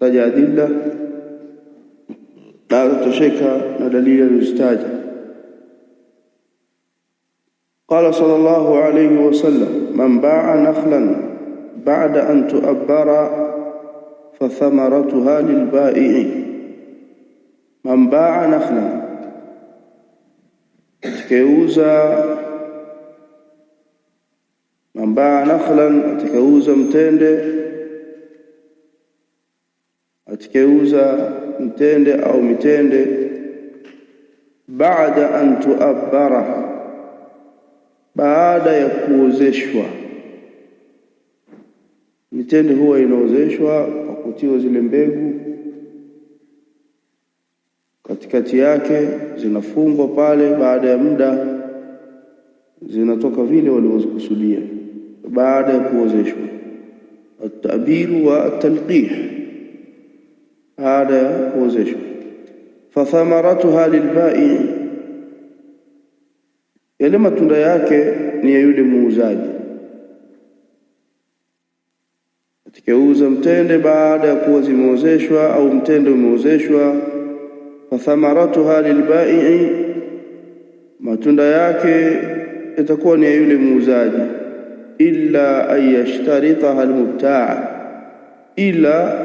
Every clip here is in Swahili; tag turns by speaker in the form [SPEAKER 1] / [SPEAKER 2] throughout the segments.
[SPEAKER 1] tajaajila taatosheka na dalili alizotaja. Qala sallallahu alayhi wasallam, man ba'a nakhlan ba'da an tu'abbara fathamaratuha lilbai'i, man ba'a nakhlan, atakayeuza man ba'a nakhlan, atakayeuza mtende atikeuza mtende au mitende baada an tuabbara, baada ya kuozeshwa. Mitende huwa inaozeshwa kwa kutiwa zile mbegu katikati yake, zinafungwa pale. Baada ya muda zinatoka vile walivyokusudia, baada ya kuozeshwa. Atabiru wa talqih baada ya kuozeshwa. Fathamaratuha lilbai, yale matunda yake ni ya yule muuzaji atakayeuza mtende baada ya kuwa zimeozeshwa au mtende umeozeshwa. Fathamaratuha lilbaii matunda yake itakuwa ni ya yule muuzaji. Illa an yashtaritaha ila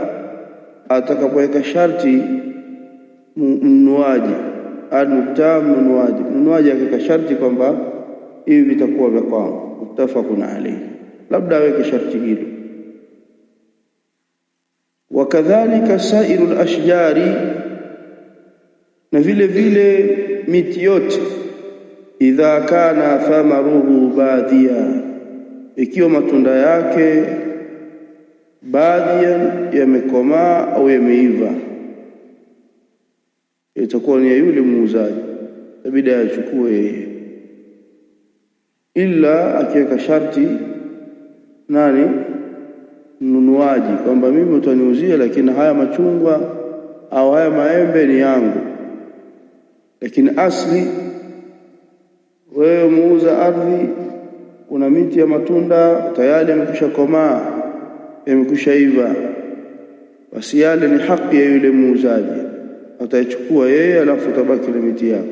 [SPEAKER 1] atakapoweka sharti mnuaji almubtaa mnuaji mnuaji akaweka sharti kwamba hivi vitakuwa vya kwangu, muttafaqun alayhi, labda aweke sharti hilo. Wakadhalika sairu lashjari, na vile vile miti yote, idha kana thamaruhu badia, ikiwa matunda yake baadhi yamekomaa au yameiva, itakuwa ni ya yule muuzaji, tabida ayachukue yeye, ila akiweka sharti nani mnunuaji kwamba mimi utaniuzia, lakini haya machungwa au haya maembe ni yangu, lakini asli wewe muuza ardhi, kuna miti ya matunda tayari yamekwisha komaa yamekwishaiva, basi yale ni haki ya yule muuzaji, ataichukua yeye, alafu tabaki na miti yako.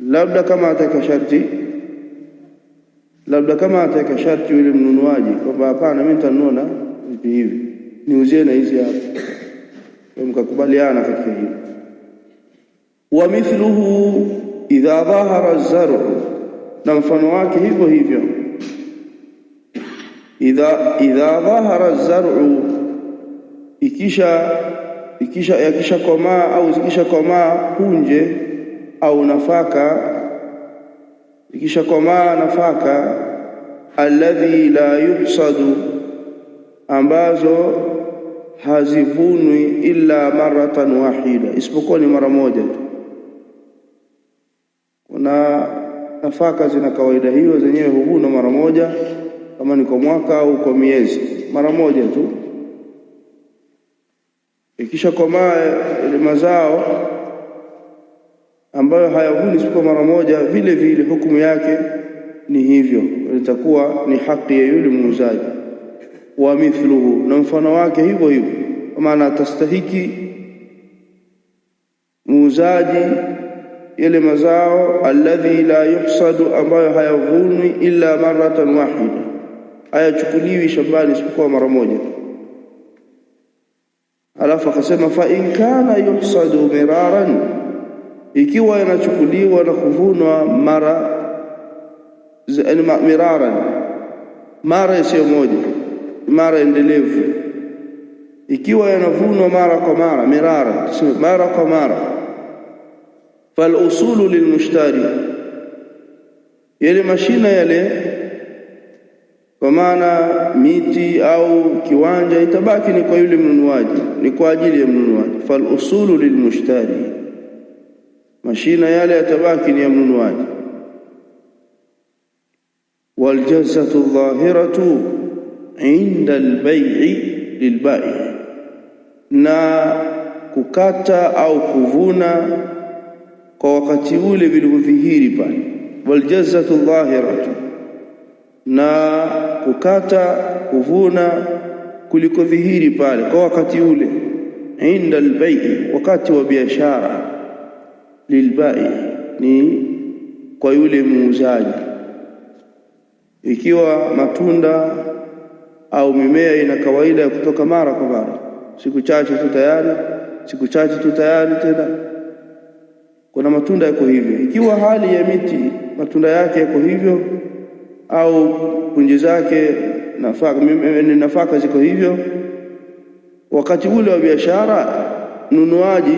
[SPEAKER 1] Labda kama ataka sharti, labda kama ataka sharti yule mnunuaji kwamba hapana, mimi nitanunua vipi hivi, niuzie na hizi hapa, mkakubaliana katika hili. Wa mithluhu idha dhahara zaru na mfano wake hivyo hivyo idha idha dhahara zar'u, ikisha ikisha yakisha komaa au zikisha komaa punje au nafaka, ikisha komaa nafaka, alladhi la yuhsadu, ambazo hazivunwi illa maratan wahida, isipokuwa ni mara moja tu. Kuna nafaka zina kawaida hiyo, zenyewe huvunwa mara moja kama ni kwa mwaka au kwa miezi, mara moja tu. Ikisha komaa ile eh, mazao ambayo hayavuni isipokuwa mara moja, vile vile hukumu yake ni hivyo, itakuwa ni haki ya yule muuzaji. Wa mithluhu, na mfano wake hivyo hivyo, kwa maana atastahiki muuzaji yale mazao alladhi la yuhsadu, ambayo hayavunwi illa maratan wahida hayachukuliwi shambani isipokuwa mara moja. Alafu akasema fa in kana yuhsadu miraran, ikiwa yanachukuliwa na kuvunwa mara miraran, mara isiyo moja, mara endelevu, ikiwa yanavunwa mara kwa mara miraran, mara kwa mara, fal usulu lilmushtari, yale mashina yale kwa maana miti au kiwanja itabaki ni kwa yule mnunuaji, ni kwa ajili ya mnunuaji. Fal usulu lilmushtari, mashina yale yatabaki ni ya mnunuaji. Waljalsatu dhahiratu inda lbai'i lilbai, na kukata au kuvuna kwa wakati ule vilivyodhihiri pale. Waljalsatu dhahiratu na kukata, kuvuna kuliko dhihiri pale kwa wakati ule, inda albai, wakati wa biashara, lilbai ni kwa yule muuzaji. Ikiwa matunda au mimea ina kawaida ya kutoka mara kwa mara, siku chache tu tayari, siku chache tu tayari tena kuna matunda yako hivyo. Ikiwa hali ya miti matunda yake yako hivyo au punje zake nafaka, eh, nafaka ziko hivyo. Wakati ule wa biashara, mnunuaji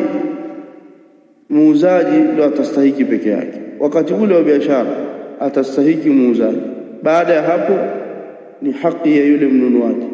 [SPEAKER 1] muuzaji ndio atastahiki peke yake. Wakati ule wa biashara atastahiki muuzaji, baada ya hapo ni haki ya yule mnunuaji.